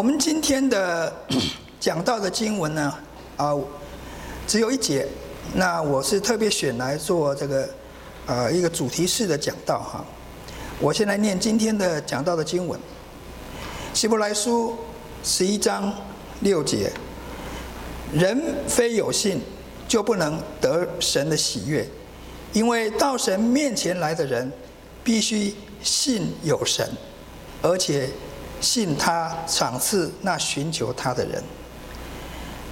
我們今天的講道的經文呢，啊，只有一節，那我是特別選來做這個呃一個主題式的講道哈。我先來念今天的講道的經文，希伯來書十一章六節：人非有信，就不能得神的喜悅，因為到神面前來的人，必須信有神，而且。信他賞賜那尋求他的人。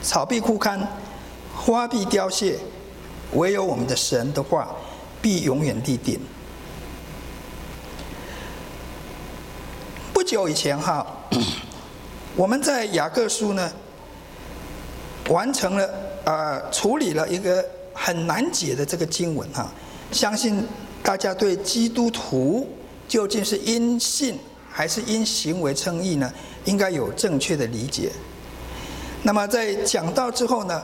草必枯乾，花必凋謝，唯有我們的神的話必永遠立定。不久以前哈，我們在雅各書呢完成了啊、呃、處理了一個很難解的這個經文哈，相信大家對基督徒究竟是因信，還是因行為稱義呢？應該有正確的理解。那麼在講道之後呢，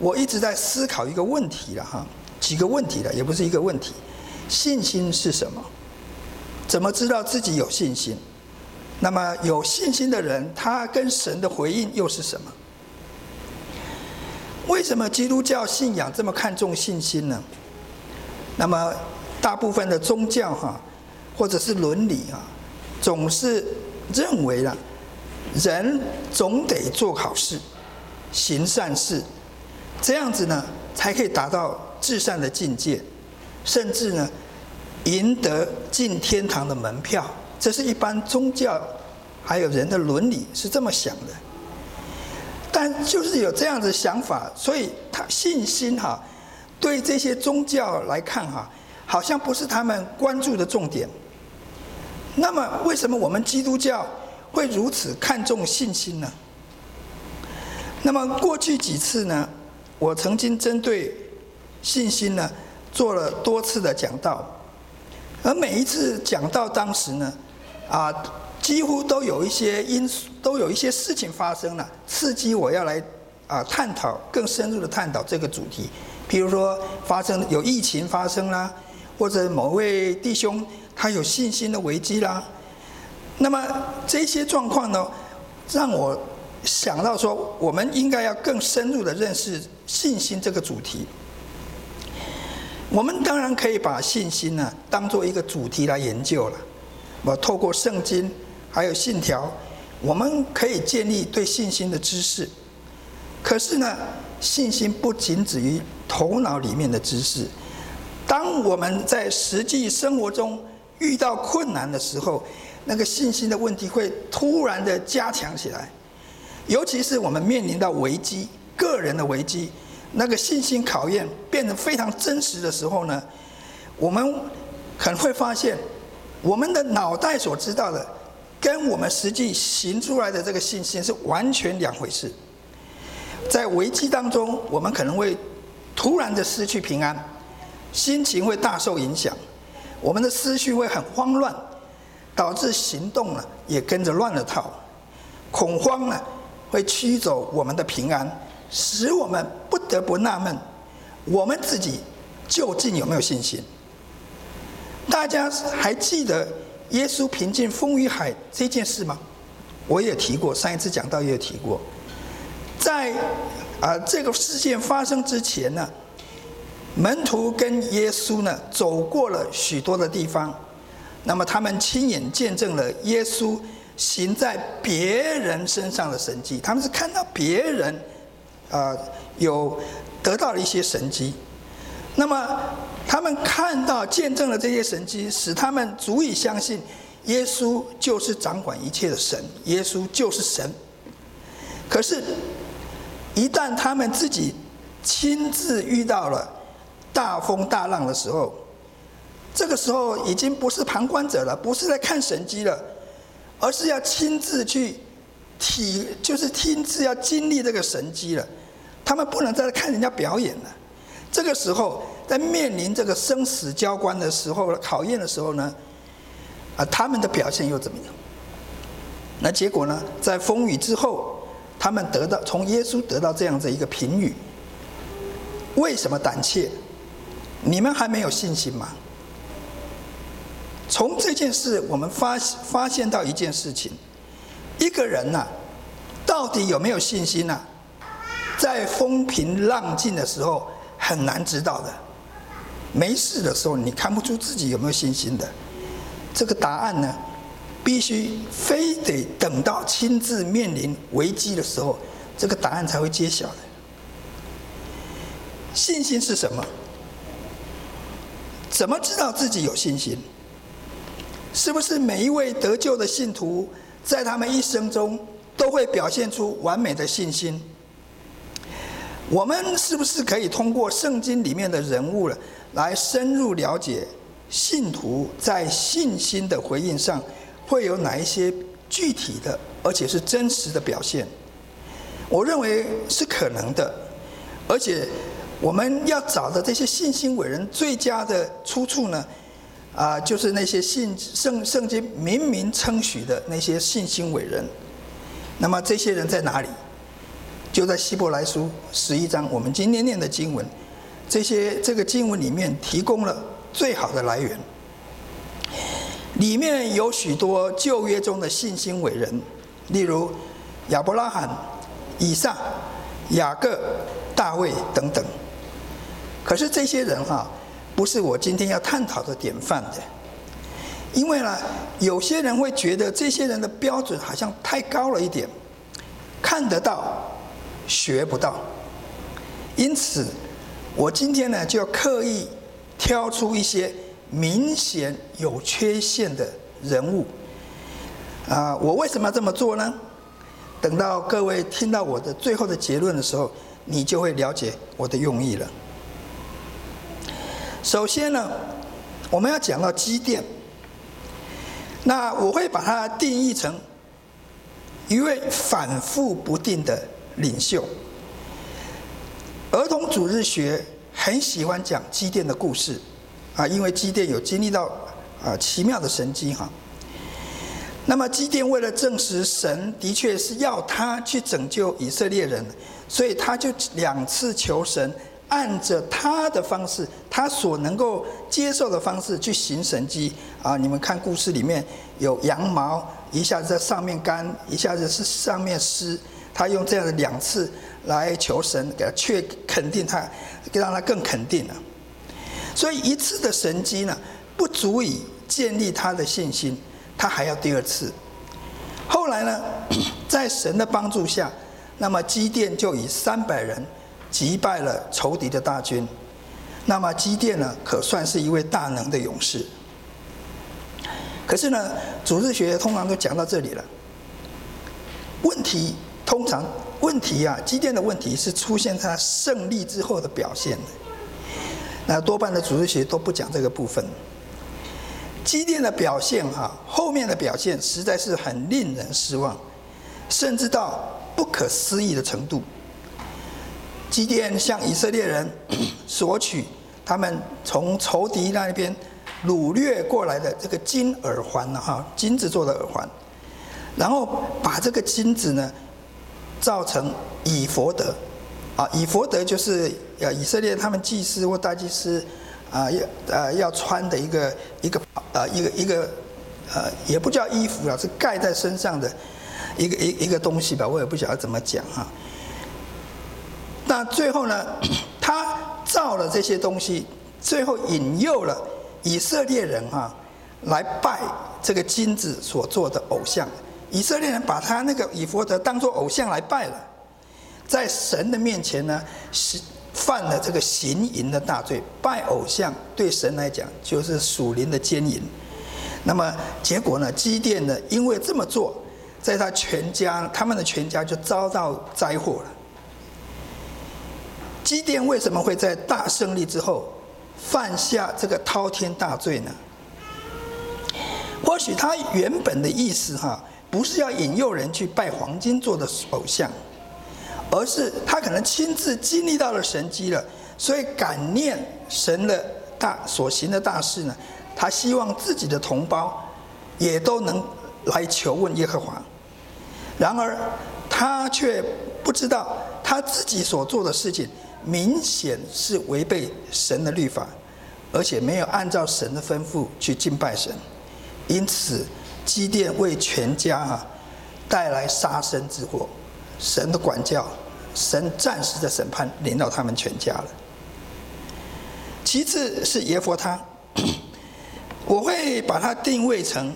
我一直在思考一個問題了哈，幾個問題了，也不是一個問題。信心是什麼？怎麼知道自己有信心？那麼有信心的人，他跟神的回應又是什麼？為什麼基督教信仰這麼看重信心呢？那麼大部分的宗教哈、啊，或者是倫理啊。總是認為啦、啊，人總得做好事、行善事，這樣子呢，才可以達到至善的境界，甚至呢，贏得進天堂的門票。這是一般宗教還有人的倫理是這麼想的。但就是有這樣的想法，所以他信心哈、啊，對這些宗教來看哈、啊，好像不是他們關注的重點。那麼，為什麼我們基督教會如此看重信心呢？那麼，過去幾次呢，我曾經針對信心呢做了多次的講道，而每一次講道當時呢，啊，幾乎都有一些因素，都有一些事情發生了，刺激我要來啊探討更深入的探討這個主題，比如說發生有疫情發生啦，或者某位弟兄。還有信心的危機啦，那麼這些狀況呢，讓我想到說，我們應該要更深入的認識信心這個主題。我們當然可以把信心呢當做一個主題來研究了。我透過聖經還有信條，我們可以建立對信心的知識。可是呢，信心不僅止於頭腦裡面的知識，當我們在實際生活中，遇到困難的時候，那個信心的問題會突然的加強起來，尤其是我們面臨到危機、個人的危機，那個信心考驗變得非常真實的時候呢，我們可能會發現，我們的腦袋所知道的，跟我們實際行出來的這個信心是完全兩回事。在危機當中，我們可能會突然的失去平安，心情會大受影響。我們的思緒會很慌亂，導致行動呢也跟着亂了套。恐慌呢會驅走我們的平安，使我們不得不納悶：我們自己究竟有沒有信心？大家還記得耶穌平靜風雨海這件事嗎？我也提過，上一次講到也有提過。在啊、呃，這個事件發生之前呢，門徒跟耶穌呢走過了許多的地方，那麼他們親眼見證了耶穌行在別人身上的神蹟，他們是看到別人，呃，有得到了一些神蹟，那麼他們看到見證了這些神蹟，使他們足以相信耶穌就是掌管一切的神，耶穌就是神。可是，一旦他們自己親自遇到了。大風大浪的時候，這個時候已經不是旁觀者了，不是在看神蹟了，而是要親自去體，就是親自要經歷這個神蹟了。他們不能再看人家表演了。這個時候，在面臨這個生死交關的時候了，考驗的時候呢，啊，他們的表現又怎麼樣？那結果呢？在風雨之後，他們得到從耶穌得到這樣的一個評語。為什麼膽怯？你們還沒有信心嗎？從這件事，我們發發現到一件事情：一個人吶，到底有沒有信心吶？在風平浪靜的時候，很難知道的。沒事的時候，你看不出自己有沒有信心的。這個答案呢，必須非得等到親自面臨危機的時候，這個答案才會揭曉的。信心是什麼？怎麼知道自己有信心？是不是每一位得救的信徒，在他們一生中都會表現出完美的信心？我們是不是可以通過聖經裡面的人物來深入了解信徒在信心的回應上會有哪一些具體的，而且是真實的表現？我認為是可能的，而且。我們要找的這些信心偉人最佳的出處呢？啊、呃，就是那些信聖聖經明明稱許的那些信心偉人。那麼這些人在哪裡？就在希伯來書十一章，我們今天念的經文。這些這個經文裡面提供了最好的來源。裡面有許多舊約中的信心偉人，例如亞伯拉罕、以撒、雅各、大衛等等。可是這些人啊，不是我今天要探討的典範的，因為呢，有些人會覺得這些人的標準好像太高了一點，看得到，學不到，因此，我今天呢就要刻意挑出一些明顯有缺陷的人物，啊，我為什麼要這麼做呢？等到各位聽到我的最後的結論的時候，你就會了解我的用意了。首先呢，我們要講到基甸。那我會把它定義成一位反覆不定的領袖。兒童主日學很喜歡講基甸的故事啊，因為基甸有經歷到啊奇妙的神蹟哈。那麼基甸為了證實神的確是要他去拯救以色列人，所以他就兩次求神。按着他的方式，他所能夠接受的方式去行神蹟啊！你們看故事裡面有羊毛，一下子在上面乾，一下子是上面濕，他用這樣的兩次來求神，給他確肯定他，讓他更肯定了。所以一次的神蹟呢，不足以建立他的信心，他還要第二次。後來呢，在神的幫助下，那麼基甸就以三百人，擊敗了仇敵的大軍，那麼基甸呢？可算是一位大能的勇士。可是呢，組織學通常都講到這裡了。問題通常問題啊，基甸的問題是出現在他勝利之後的表現的。那多半的組織學都不講這個部分。基甸的表現哈、啊，後面的表現實在是很令人失望，甚至到不可思議的程度。基甸向以色列人索取他們從仇敵那邊擄掠過來的這個金耳環了哈，金子做的耳環，然後把這個金子呢，造成以弗得，啊，以弗得就是呃以色列他們祭司或大祭司，啊，呃要穿的一個一個啊一個一個呃也不叫衣服了，是蓋在身上的一個一個一個東西吧，我也不曉得怎麼講哈。那最後呢，他造了這些東西，最後引誘了以色列人哈、啊、來拜這個金子所做的偶像。以色列人把他那個以弗得當做偶像來拜了，在神的面前呢，犯了這個行淫的大罪。拜偶像對神來講就是屬靈的姦淫。那麼結果呢，基甸呢，因為這麼做，在他全家他們的全家就遭到災禍了。基甸為什麼會在大勝利之後犯下這個滔天大罪呢？或許他原本的意思哈、啊，不是要引誘人去拜黃金做的偶像，而是他可能親自經歷到了神蹟，了，所以感念神的大所行的大事呢，他希望自己的同胞也都能來求問耶和華。然而他卻不知道他自己所做的事情。明顯是違背神的律法，而且沒有按照神的吩咐去敬拜神，因此基甸為全家啊帶來殺身之禍。神的管教，神暫時的審判臨到他們全家了。其次是耶弗他，我會把它定位成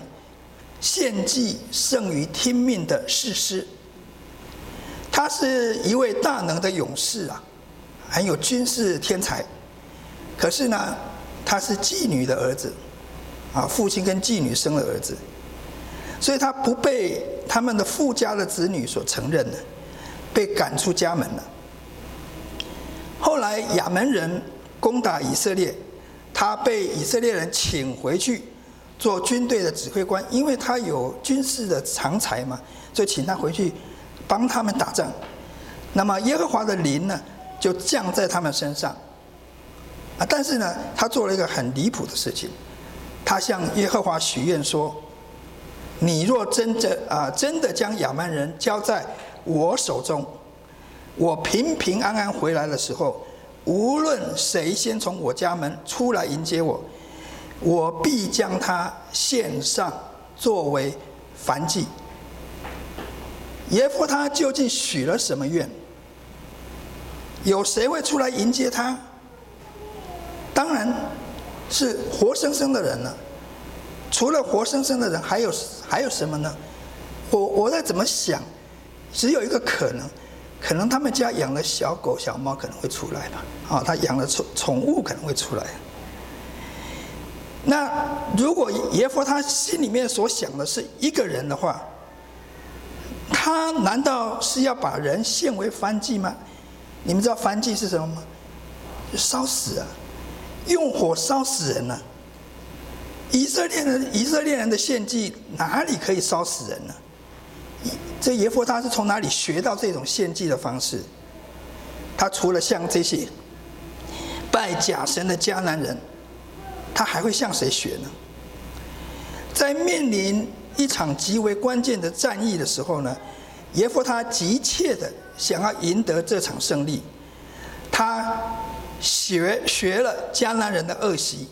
獻祭勝於聽命的士師，他是一位大能的勇士啊。很有軍事天才，可是呢，他是妓女的兒子，啊，父親跟妓女生了兒子，所以他不被他們的富家的子女所承認的，被趕出家門了。後來亞捫人攻打以色列，他被以色列人請回去做軍隊的指揮官，因為他有軍事的長才嘛，所以請他回去幫他們打仗。那麼耶和華的靈呢，就降在他們身上，啊！但是呢，他做了一個很離譜的事情，他向耶和華許願說：“你若真的啊、呃，真的將亞捫人交在我手中，我平平安安回來的時候，無論誰先從我家門出來迎接我，我必將他獻上作為燔祭。”耶弗他究竟許了什麼願？有誰會出來迎接他？當然是活生生的人了。除了活生生的人，還有還有什麼呢？我我再怎麼想？只有一個可能，可能他們家養了小狗小貓，可能會出來吧？啊、哦，他養了寵寵物，可能會出來。那如果耶弗他心裡面所想的是一個人的話，他難道是要把人獻為燔祭嗎？你們知道燔祭是什麼嗎？燒死啊，用火燒死人呢？啊。以色列人、以色列人的獻祭哪裡可以燒死人呢、啊？這耶弗他是從哪裡學到這種獻祭的方式？他除了像這些拜假神的迦南人，他還會向誰學呢？在面臨一場極為關鍵的戰役的時候呢，耶弗他急切地。想要贏得這場勝利，他學，學了迦南人的惡習，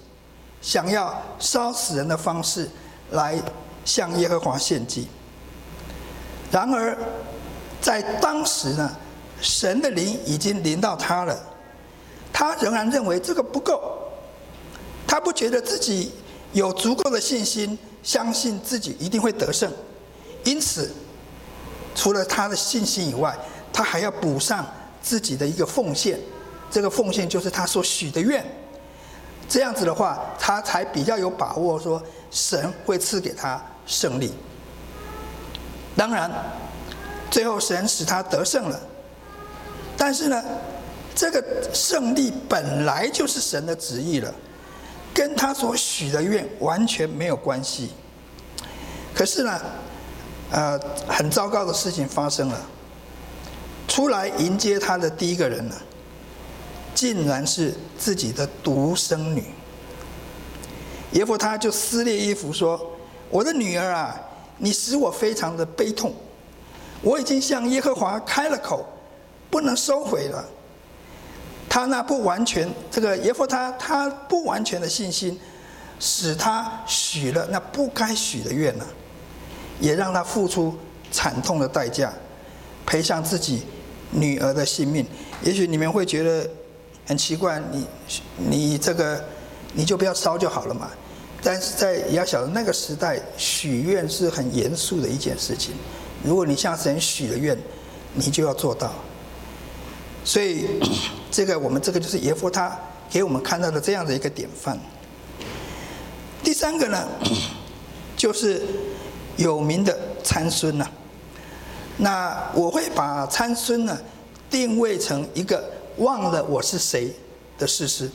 想要燒死人的方式來向耶和華獻祭。然而，在當時呢，神的靈已經臨到他了，他仍然認為這個不夠，他不覺得自己有足夠的信心，相信自己一定會得勝，因此，除了他的信心以外，他還要補上自己的一個奉獻，這個奉獻就是他所許的願。這樣子的話，他才比較有把握說神會賜給他勝利。當然，最後神使他得勝了。但是呢，這個勝利本來就是神的旨意了，跟他所許的願完全沒有關係。可是呢，呃，很糟糕的事情發生了。出來迎接他的第一個人呢、啊，竟然是自己的獨生女。耶弗他就撕裂衣服說：“我的女兒啊，你使我非常的悲痛。我已經向耶和華開了口，不能收回了。他那不完全這個耶弗他他不完全的信心，使他許了那不該許的願了、啊，也讓他付出慘痛的代價，賠上自己。”女兒的性命。也許你們會覺得很奇怪，你你這個你就不要燒就好了嘛。但是在也要曉得，那個時代許願是很嚴肅的一件事情，如果你向神許了願，你就要做到。所以這個我們這個就是耶弗他給我們看到的這樣的一個典範。第三個呢，就是有名的參孫吶、啊。那我會把參孫呢定位成一個忘了我是誰的事實。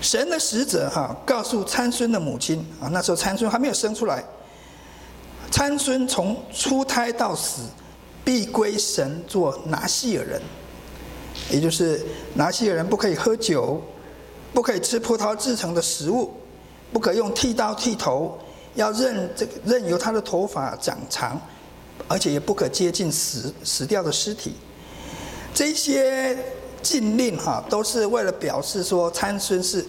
神的使者哈、啊、告訴參孫的母親啊，那時候參孫還沒有生出來。參孫從出胎到死，必歸神做拿細耳人，也就是拿細耳人不可以喝酒，不可以吃葡萄製成的食物，不可用剃刀剃頭，要任這個任由他的頭髮長長。而且也不可接近死死掉的屍體，這些禁令哈、啊、都是為了表示說參孫是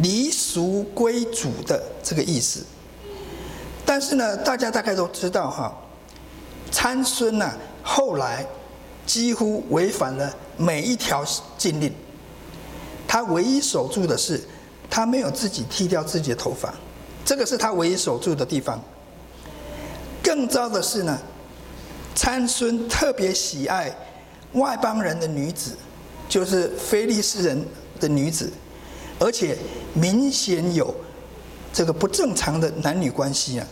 離俗歸主的這個意思。但是呢，大家大概都知道哈、啊，參孫呢、啊，後來幾乎違反了每一條禁令，他唯一守住的是他沒有自己剃掉自己的頭髮，這個是他唯一守住的地方。更糟的是呢，參孫特別喜愛外邦人的女子，就是非利士人的女子，而且明顯有這個不正常的男女關係啊，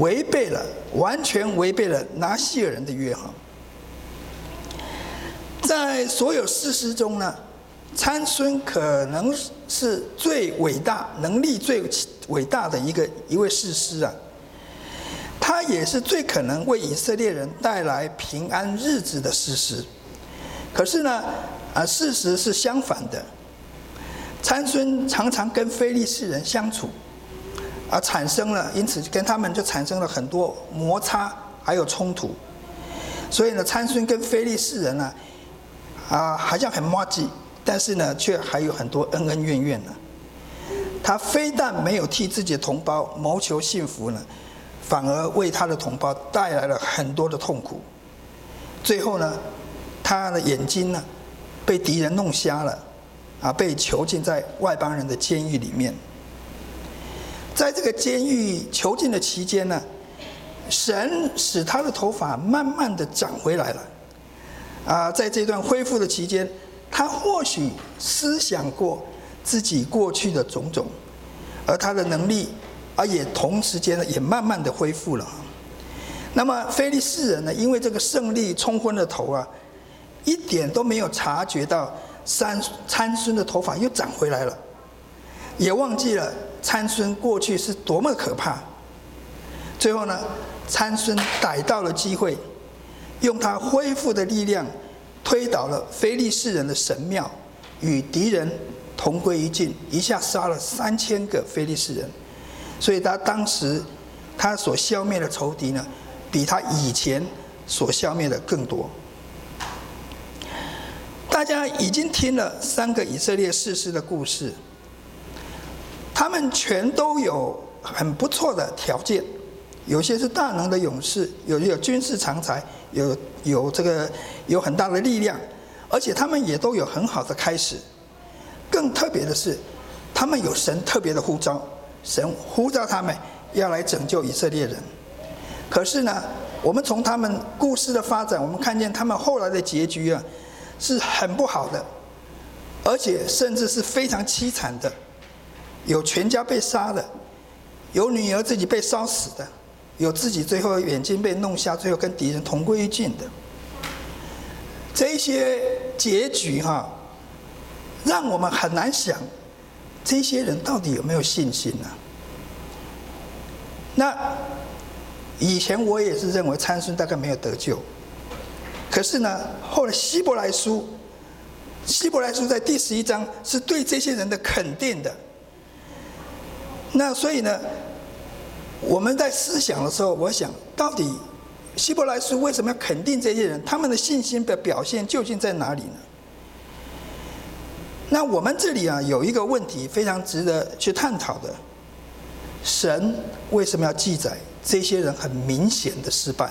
違背了完全違背了拿細耳人的約啊。在所有士師中呢，參孫可能是最偉大、能力最偉大的一個一位士師啊。也是最可能為以色列人帶來平安日子的事實。可是呢，啊，事實是相反的。參孫常常跟非利士人相處，而、啊、產生了，因此跟他們就產生了很多摩擦，還有衝突。所以呢，參孫跟非利士人呢，啊，好像很默契，但是呢，却還有很多恩恩怨怨呢。他非但沒有替自己的同胞謀求幸福呢。反而為他的同胞帶來了很多的痛苦。最後呢，他的眼睛呢，被敵人弄瞎了，啊，被囚禁在外邦人的監獄裡面。在這個監獄囚禁的期間呢，神使他的頭髮慢慢的長回來了。啊，在這段恢復的期間，他或許思想過自己過去的種種，而他的能力。而也同時間呢，也慢慢的恢復了。那麼非利士人呢，因為這個勝利沖昏了頭啊，一點都沒有察覺到參參孫的頭髮又長回來了，也忘記了參孫過去是多麼可怕。最後呢，參孫逮到了機會，用他恢復的力量推倒了非利士人的神廟，與敵人同歸於盡，一下殺了三千個非利士人。所以他當時，他所消滅的仇敵呢，比他以前所消滅的更多。大家已經聽了三個以色列士師的故事，他們全都有很不錯的條件，有些是大能的勇士，有些有軍事長才，有有這個有很大的力量，而且他們也都有很好的開始。更特別的是，他們有神特別的呼召。神呼召他們要來拯救以色列人，可是呢，我們從他們故事的發展，我們看見他們後來的結局啊，是很不好的，而且甚至是非常悽慘的，有全家被殺的，有女兒自己被燒死的，有自己最後眼睛被弄瞎，最後跟敵人同歸於盡的，這些結局啊，讓我們很難想。這些人到底有沒有信心呢、啊？那以前我也是認為參孫大概沒有得救，可是呢，後來《希伯來書》，《希伯來書》在第十一章是對這些人的肯定的。那所以呢，我們在思想的時候，我想到底《希伯來書》為什麼要肯定這些人？他們的信心的表現究竟在哪裡呢？那我們這裡啊，有一個問題非常值得去探討的：神為什麼要記載這些人很明顯的失敗？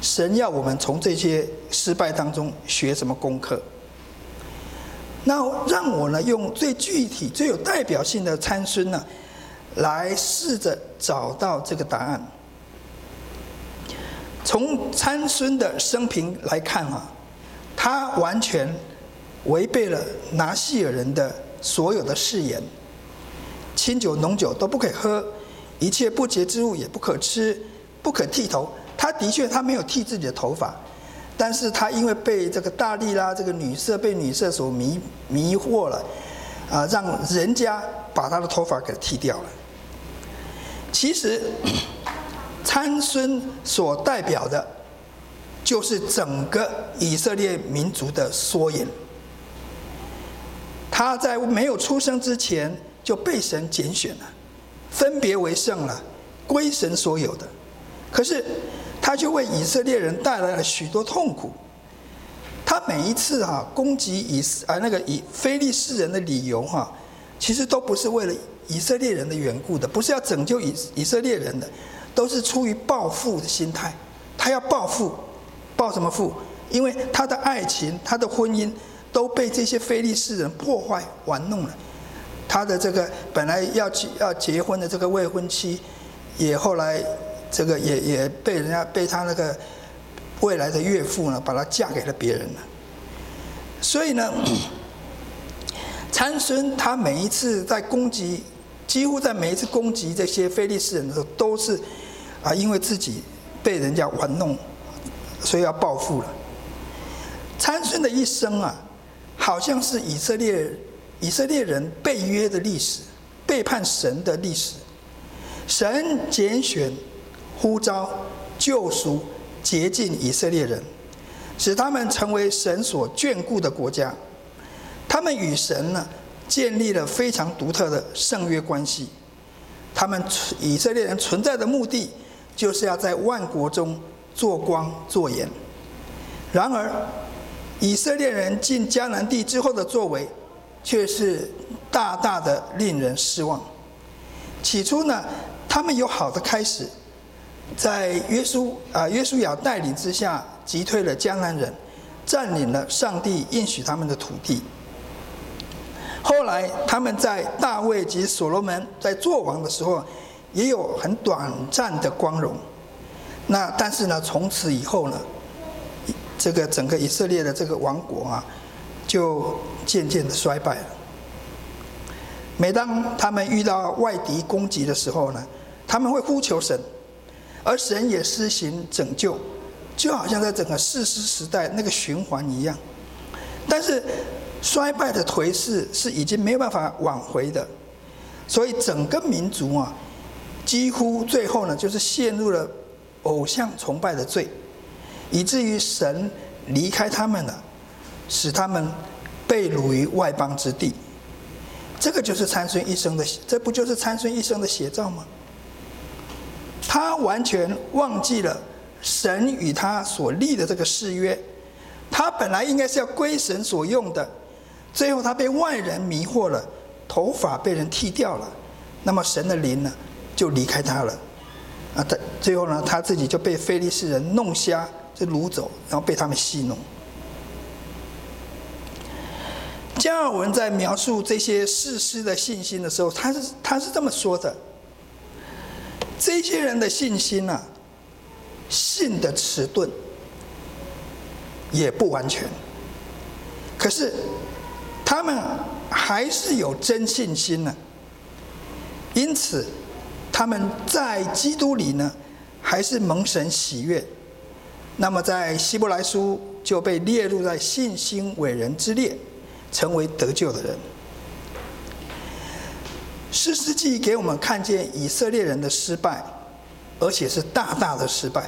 神要我們從這些失敗當中學什麼功課？那讓我呢，用最具體、最有代表性的參孫呢啊，來試着找到這個答案。從參孫的生平來看啊，他完全。違背了拿細耳人的所有的誓言，清酒濃酒都不可以喝，一切不潔之物也不可吃，不可剃頭。他的確他沒有剃自己的頭髮，但是他因為被這個大利拉這個女色被女色所迷迷惑了，啊、呃，讓人家把他的頭髮給剃掉了。其實參孫所代表的，就是整個以色列民族的縮影。他在沒有出生之前就被神揀選了，分別為聖了，歸神所有的。可是他就為以色列人帶來了許多痛苦。他每一次啊攻擊以色啊那個以非利士人的理由哈、啊，其實都不是為了以色列人的緣故的，不是要拯救以以色列人的，都是出於報復的心態。他要報復，報什麼復？因為他的愛情，他的婚姻。都被這些非利士人破壞玩弄了，他的這個本來要去要結婚的這個未婚妻，也後來這個也也被人家被他那個未來的岳父呢，把他嫁給了別人了。所以呢，參孫他每一次在攻擊，幾乎在每一次攻擊這些非利士人的時候，都是啊因為自己被人家玩弄，所以要報復了。參孫的一生啊。好像是以色列以色列人背約的歷史，背叛神的歷史。神揀選、呼召、救贖、潔淨以色列人，使他們成為神所眷顧的國家。他們與神呢，建立了非常獨特的聖約關係。他們以色列人存在的目的，就是要在萬國中做光做鹽。然而，以色列人進迦南地之後的作為，卻是大大的令人失望。起初呢，他們有好的開始，在約書啊，呃，約書亞帶領之下，擊退了迦南人，佔領了上帝應許他們的土地。後來他們在大衛及所羅門在作王的時候，也有很短暫的光榮。那但是呢，從此以後呢，這個整個以色列的這個王國啊，就漸漸的衰敗了。每當他們遇到外敵攻擊的時候呢，他們會呼求神，而神也施行拯救，就好像在整個士師時代那個循環一樣。但是衰敗的頹勢是已經沒有辦法挽回的，所以整個民族啊，幾乎最後呢，就是陷入了偶像崇拜的罪。以至於神離開他們了，使他們被擄於外邦之地。這個就是參孫一生的，這不就是參孫一生的寫照嗎？他完全忘記了神與他所立的這個誓約，他本來應該是要歸神所用的，最後他被外人迷惑了，頭髮被人剃掉了，那麼神的靈呢，就離開他了。啊，他最後呢，他自己就被非利士人弄瞎，就擄走，然後被他們戲弄。加爾文在描述這些事實的信心的時候，他是他是這麼說的：這些人的信心呢、啊，信得遲鈍，也不完全，可是他們還是有真信心呢、啊。因此，他們在基督裡呢，還是蒙神喜悅。那麼，在希伯來書就被列入在信心偉人之列，成為得救的人。士師記給我們看見以色列人的失敗，而且是大大的失敗。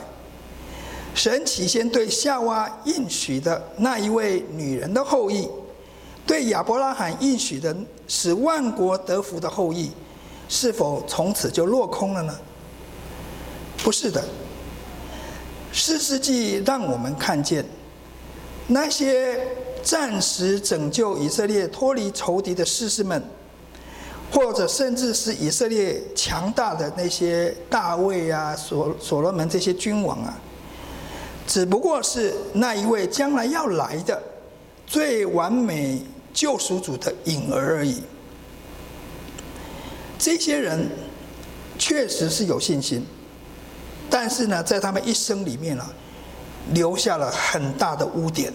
神起先對夏娃應許的那一位女人的後裔，對亞伯拉罕應許的使萬國得福的後裔，是否從此就落空了呢？不是的。士師記讓我們看見那些暫時拯救以色列脫離仇敵的士師們，或者甚至是以色列強大的那些大衛啊、所所羅門這些君王啊，只不過是那一位將來要來的最完美救贖主的影兒而已。這些人確實是有信心。但是呢，在他們一生裡面了、啊，留下了很大的污點。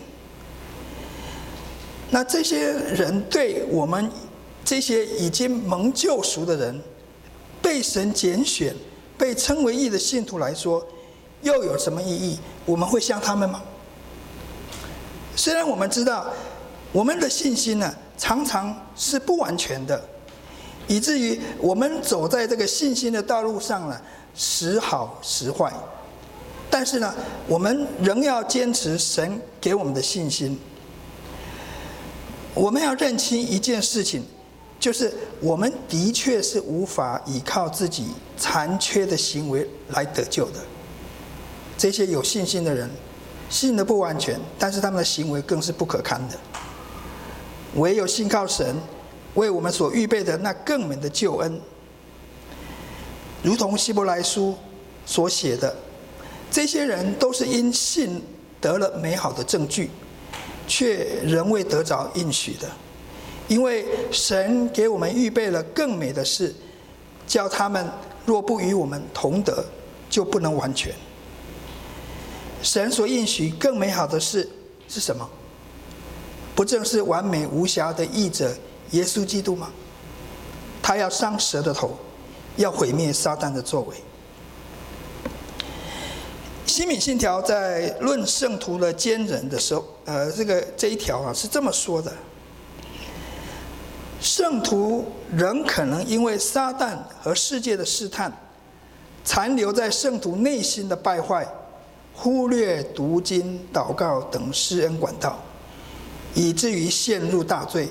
那這些人對我們這些已經蒙救贖的人、被神揀選、被稱為義的信徒來說，又有什麼意義？我們會像他們嗎？雖然我們知道我們的信心呢，常常是不完全的，以至於我們走在這個信心的道路上呢。時好時壞，但是呢，我們仍要堅持神給我們的信心。我們要認清一件事情，就是我們的確是無法依靠自己殘缺的行為來得救的。這些有信心的人，信的不完全，但是他們的行為更是不可堪的。唯有信靠神為我們所預備的那更美的救恩。如同希伯來書所寫的，這些人都是因信得了美好的證據，卻仍未得着應許的，因為神給我們預備了更美的事，叫他們若不與我們同得，就不能完全。神所應許更美好的事是什麼？不正是完美無瑕的義者耶穌基督嗎？他要傷蛇的頭。要毀滅撒旦的作為，《西敏信條》在論聖徒的堅忍的時候，呃，這個這一條啊是這麼說的：聖徒仍可能因為撒旦和世界的試探，殘留在聖徒內心的敗壞，忽略讀經、禱告等施恩管道，以至於陷入大罪，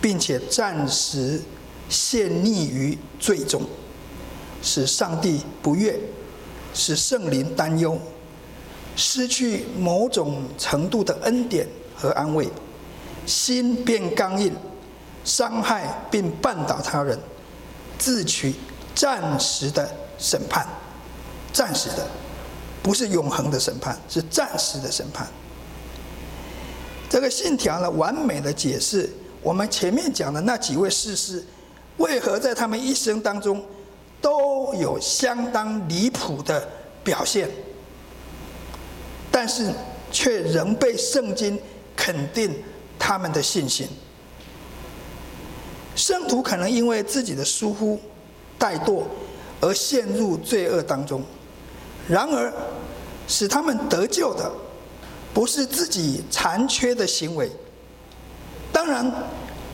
並且暫時。陷溺於罪中，使上帝不悅，使聖靈擔憂，失去某種程度的恩典和安慰，心變剛硬，傷害並絆倒他人，自取暫時的審判，暫時的，不是永恆的審判，是暫時的審判。這個信條呢，完美的解釋我們前面講的那幾位士師。為何在他們一生當中都有相當離譜的表現，但是卻仍被聖經肯定他們的信心？聖徒可能因為自己的疏忽、怠惰而陷入罪惡當中，然而使他們得救的，不是自己殘缺的行為。當然，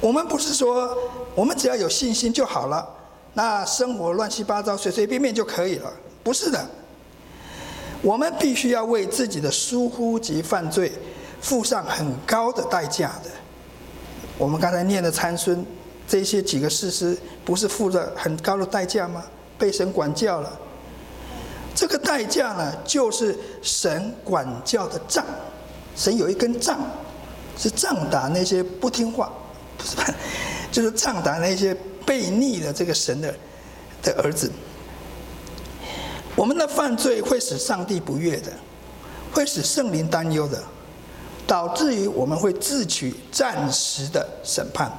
我們不是說。我們只要有信心就好了，那生活亂七八糟，隨隨便便就可以了？不是的，我們必須要為自己的疏忽及犯罪付上很高的代價的。我們剛才念的參孫，這些幾個事實不是付了很高的代價嗎？被神管教了，這個代價呢，就是神管教的杖。神有一根杖，是杖打那些不聽話，不是。就是杖打那些悖逆的這個神的的兒子。我們的犯罪會使上帝不悅的，會使聖靈擔憂的，導致於我們會自取暫時的審判。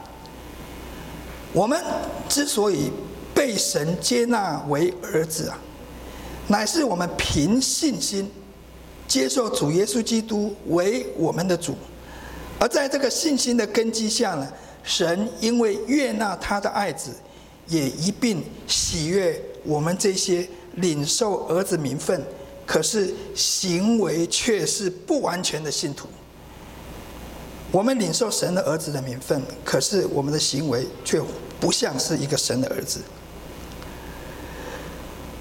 我們之所以被神接納為兒子啊，乃是我們憑信心接受主耶穌基督為我們的主，而在這個信心的根基下呢。神因為悅納他的愛子，也一併喜悅我們這些領受兒子名分，可是行為卻是不完全的信徒。我們領受神的兒子的名分，可是我們的行為卻不像是一個神的兒子。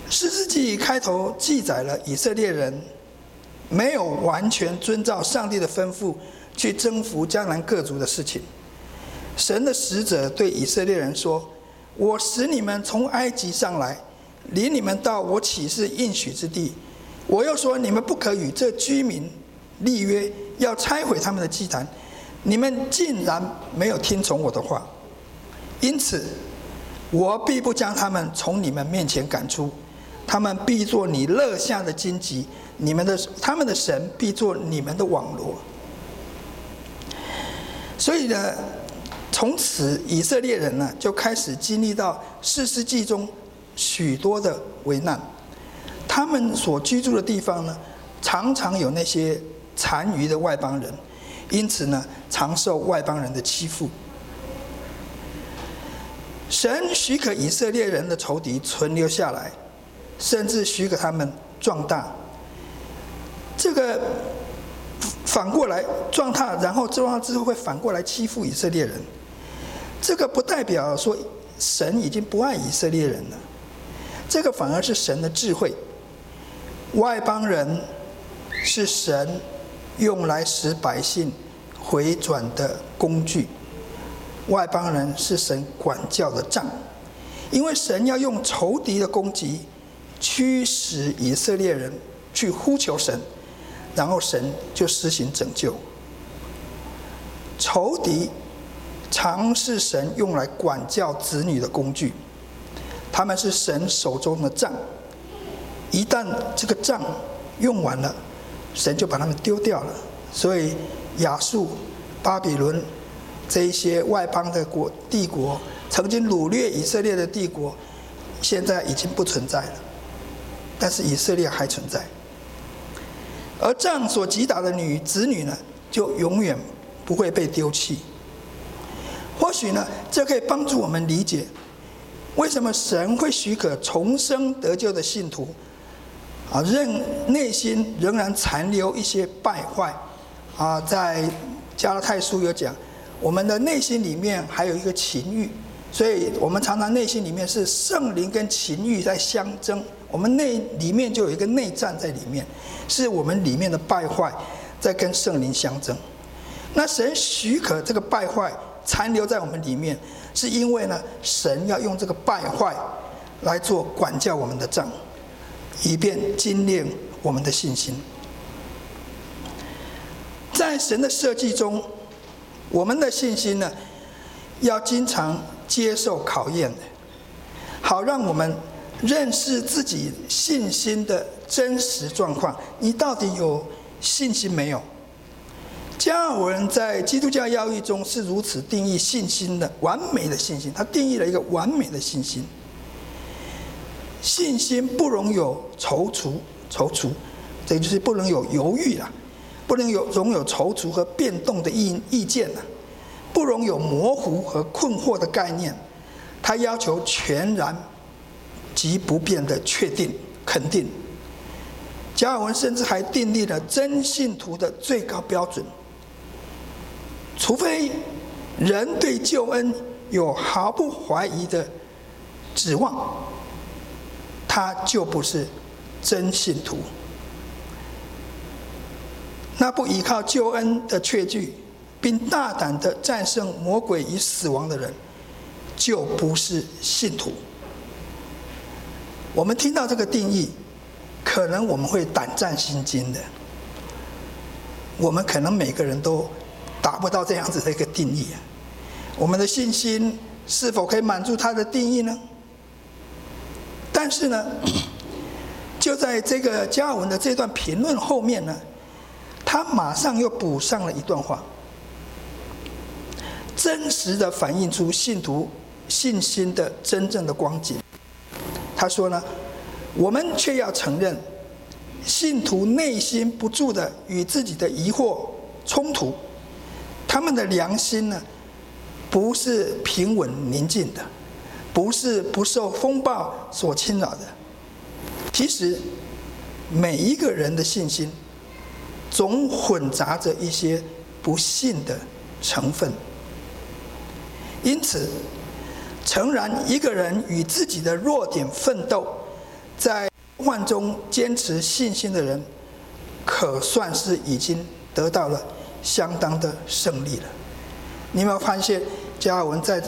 士師記開頭記載了以色列人沒有完全遵照上帝的吩咐去征服迦南各族的事情。神的使者對以色列人說：“我使你們從埃及上來，領你們到我起誓應許之地。我又說，你們不可與這居民立約，要拆毀他們的祭壇。你們竟然沒有聽從我的話，因此，我必不將他們從你們面前趕出，他們必作你肋下的荊棘，你們的，他們的神必作你們的網羅。所以呢。”從此，以色列人呢就開始經歷到士師記中許多的危難。他們所居住的地方呢，常常有那些殘餘的外邦人，因此呢，常受外邦人的欺負。神許可以色列人的仇敵存留下來，甚至許可他們壯大。這個反過來壯大，然後壯大之後會反過來欺負以色列人。這個不代表說神已經不愛以色列人了，這個反而是神的智慧。外邦人是神用來使百姓回轉的工具，外邦人是神管教的杖，因為神要用仇敵的攻擊驅使以色列人去呼求神，然後神就施行拯救。仇敵。杖是神用來管教子女的工具，他們是神手中的杖，一旦這個杖用完了，神就把他們丟掉了。所以亞述、巴比倫這一些外邦的國帝國，曾經擄掠以色列的帝國，現在已經不存在了，但是以色列還存在。而杖所擊打的女子女呢，就永遠不會被丟棄。或許呢，這可以幫助我們理解，為什麼神會許可重生得救的信徒，啊，任內心仍然殘留一些敗壞，啊，在加拉太書有講，我們的內心裡面還有一個情欲，所以我們常常內心裡面是聖靈跟情欲在相爭，我們內裡面就有一個內戰在裡面，是我們裡面的敗壞在跟聖靈相爭，那神許可這個敗壞。殘留在我們裡面，是因為呢，神要用這個敗壞來做管教我們的賬，以便精煉我們的信心。在神的設計中，我們的信心呢，要經常接受考驗，好讓我們認識自己信心的真實狀況。你到底有信心沒有？加爾文在基督教要義中是如此定義信心的，完美的信心，他定義了一個完美的信心。信心不容有躊躇，躊躇，這也就是不能有猶豫了、啊，不能有容有躊躇和變動的意意見了、啊，不容有模糊和困惑的概念。他要求全然及不變的確定肯定。加爾文甚至還訂立了真信徒的最高標準。除非人對救恩有毫不懷疑的指望，他就不是真信徒。那不依靠救恩的確據，並大膽地戰勝魔鬼與死亡的人，就不是信徒。我們聽到這個定義，可能我們會膽戰心驚的。我們可能每個人都。達不到這樣子的一個定義啊，我們的信心是否可以滿足他的定義呢？但是呢，就在這個加文的這段評論後面呢，他馬上又補上了一段話，真實的反映出信徒信心的真正的光景。他說呢，我們卻要承認，信徒內心不住的與自己的疑惑衝突。他們的良心呢，不是平穩寧靜的，不是不受風暴所侵擾的。其實，每一個人的信心，總混雜着一些不信的成分。因此，誠然，一個人與自己的弱點奮鬥，在患中堅持信心的人，可算是已經得到了。相當的勝利了。你有沒有發現，加爾文在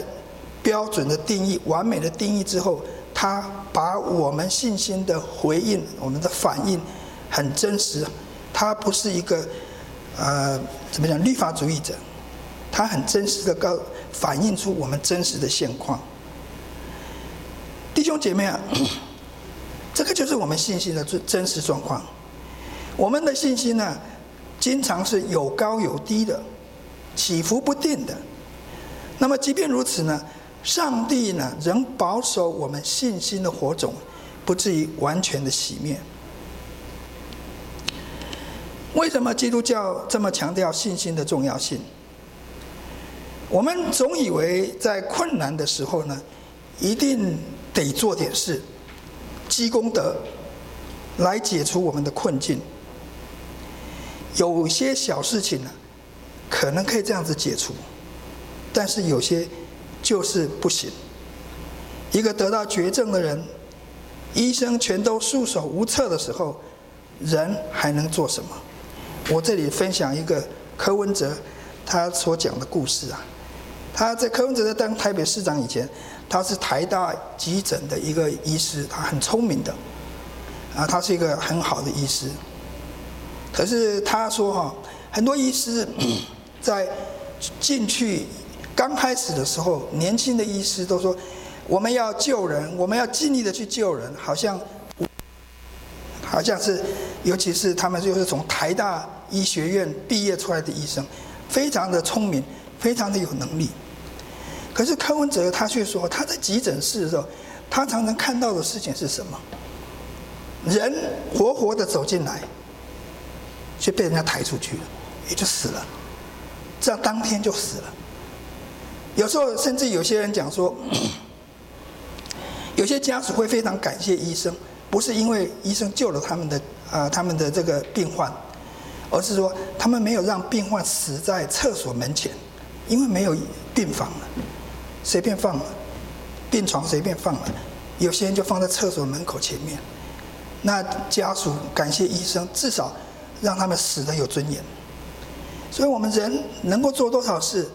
標準的定義、完美的定義之後，他把我們信心的回應、我們的反應很真實。他不是一個呃，怎麼講，律法主義者，他很真實的告，反映出我們真實的現況。弟兄姐妹啊，這個就是我們信心的最真實狀況。我們的信心呢，經常是有高有低的，起伏不定的。那麼即便如此呢，上帝呢仍保守我們信心的火種，不至於完全的熄滅。為什麼基督教這麼強調信心的重要性？我們總以為在困難的時候呢，一定得做點事，積功德，來解除我們的困境。有些小事情呢，可能可以這樣子解除，但是有些就是不行。一個得到絕症的人，醫生全都束手無策的時候，人還能做什麼？我這裡分享一個柯文哲他所講的故事啊。他在柯文哲在當台北市長以前，他是台大急診的一個醫師，他很聰明的，啊，他是一個很好的醫師。可是他說哈，很多醫師在進去剛開始的時候，年輕的醫師都說，我們要救人，我們要盡力的去救人，好像好像是尤其是他們就是從台大醫學院畢業出來的醫生，非常的聰明，非常的有能力。可是柯文哲他卻說，他在急診室的時候，他常常看到的事情是什麼？人活活的走進來。就被人家抬出去了，也就死了。這樣當天就死了。有時候甚至有些人講說，有些家屬會非常感謝醫生，不是因為醫生救了他們的啊、呃、他們的這個病患，而是說他們沒有讓病患死在廁所門前，因為沒有病房了，隨便放了病床，隨便放了，有些人就放在廁所門口前面。那家屬感謝醫生，至少。讓他們死得有尊嚴。所以，我們人能夠做多少事？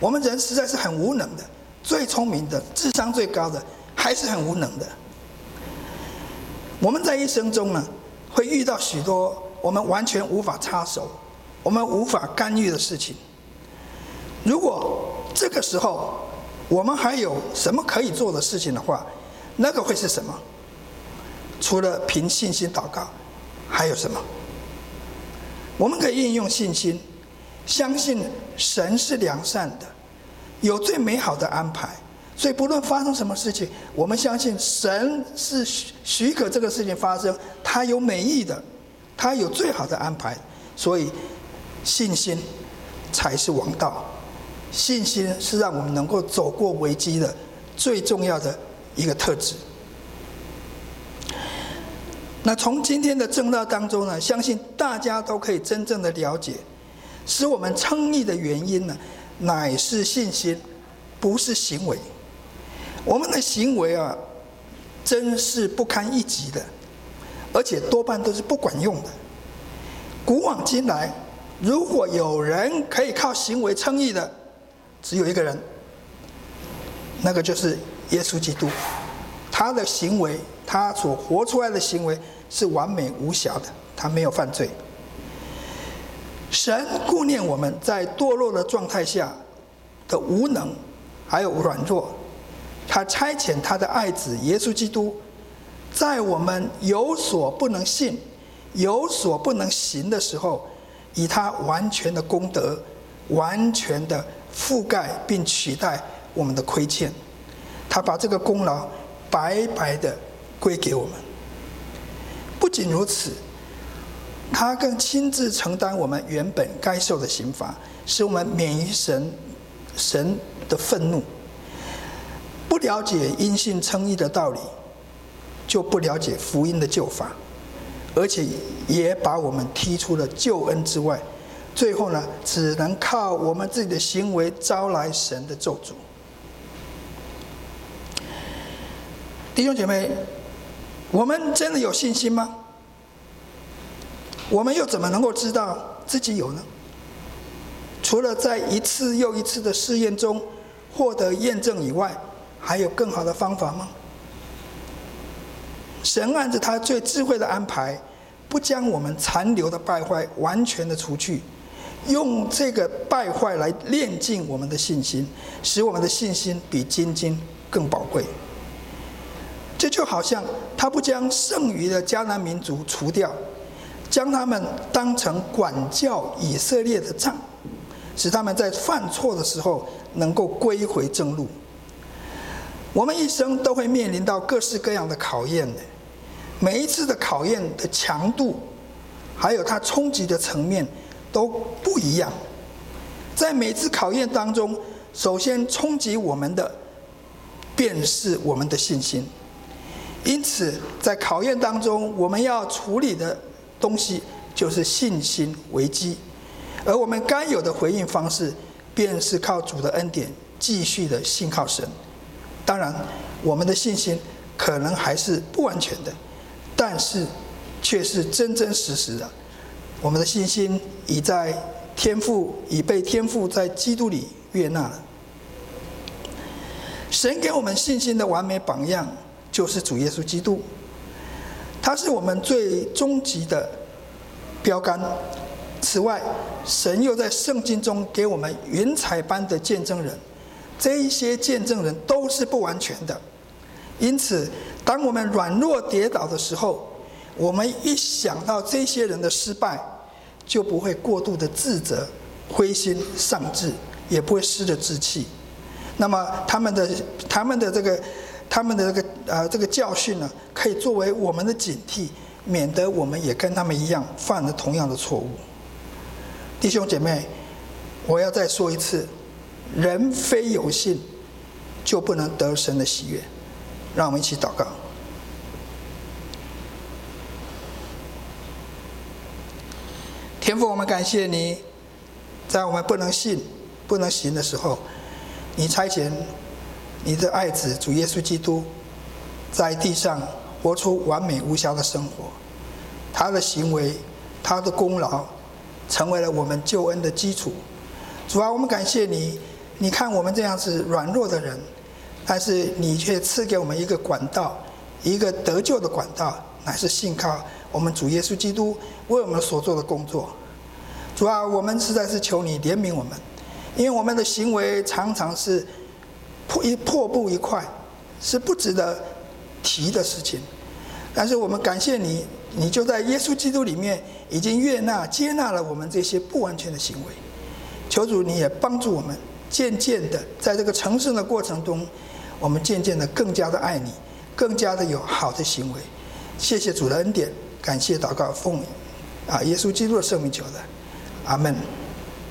我們人實在是很無能的，最聰明的，智商最高的，還是很無能的。我們在一生中呢，會遇到許多我們完全無法插手、我們無法干預的事情。如果這個時候我們還有什麼可以做的事情的話，那個會是什麼？除了憑信心禱告，還有什麼？我們可以應用信心，相信神是良善的，有最美好的安排。所以不論發生什麼事情，我們相信神是許許可這個事情發生，他有美意的，他有最好的安排。所以信心才是王道，信心是讓我們能夠走過危機的最重要的一個特質。那從今天的證道當中呢，相信大家都可以真正的了解，使我們稱義的原因呢，乃是信心，不是行為。我們的行為啊，真是不堪一擊的，而且多半都是不管用的。古往今來，如果有人可以靠行為稱義的，只有一個人，那個就是耶穌基督。他的行為，他所活出來的行為，是完美無瑕的，他沒有犯罪。神顧念我們在墮落的狀態下的無能，還有軟弱，他差遣他的愛子耶穌基督，在我們有所不能信、有所不能行的時候，以他完全的功德，完全的覆蓋並取代我們的虧欠，他把這個功勞白白的歸給我們。不僅如此，他更親自承擔我們原本該受的刑罰，使我們免於神神的憤怒。不了解因信稱義的道理，就不了解福音的救法，而且也把我們踢出了救恩之外。最後呢，只能靠我們自己的行為招來神的咒詛。弟兄姐妹，我們真的有信心嗎？我們又怎麼能夠知道自己有呢？除了在一次又一次的試驗中獲得驗證以外，還有更好的方法嗎？神按着他最智慧的安排，不將我們殘留的敗壞完全的除去，用這個敗壞來煉淨我們的信心，使我們的信心比精金更寶貴。這就好像他不將剩餘的迦南民族除掉。將他們當成管教以色列的杖，使他們在犯錯的時候能夠歸回正路。我們一生都會面臨到各式各樣的考驗的，每一次的考驗的強度，還有它衝擊的層面都不一樣。在每次考驗當中，首先衝擊我們的，便是我們的信心。因此，在考驗當中，我們要處理的。東西就是信心危機，而我們該有的回應方式，便是靠主的恩典繼續的信靠神。當然，我們的信心可能還是不完全的，但是卻是真真實實的。我們的信心已在天父已被天父在基督裡悅納了。神給我們信心的完美榜樣，就是主耶穌基督。它是我們最終極的標杆。此外，神又在聖經中給我們雲彩般的見證人，這一些見證人都是不完全的。因此，當我們軟弱跌倒的時候，我們一想到這些人的失敗，就不會過度的自責、灰心喪志，也不會失了志氣。那麼，他們的他們的這個。他們的這個呃這個教訓呢、啊，可以作為我們的警惕，免得我們也跟他們一樣犯了同樣的錯誤。弟兄姐妹，我要再說一次，人非有信就不能得神的喜悅。讓我們一起禱告。天父，我們感謝你，在我們不能信、不能行的時候，你差遣。你的愛子主耶穌基督，在地上活出完美無瑕的生活，他的行為，他的功勞，成為了我們救恩的基礎。主啊，我們感謝你。你看我們這樣子軟弱的人，但是你卻賜給我們一個管道，一個得救的管道，乃是信靠我們主耶穌基督為我們所做的工作。主啊，我們實在是求你憐憫我們，因為我們的行為常常是。一破布一塊，是不值得提的事情。但是我們感謝你，你就在耶穌基督裡面已經悅納、接納了我們這些不完全的行為。求主你也幫助我們，漸漸的在這個成聖的過程中，我們漸漸的更加的愛你，更加的有好的行為。謝謝主的恩典，感謝禱告奉明啊，耶穌基督的聖名求的，阿門。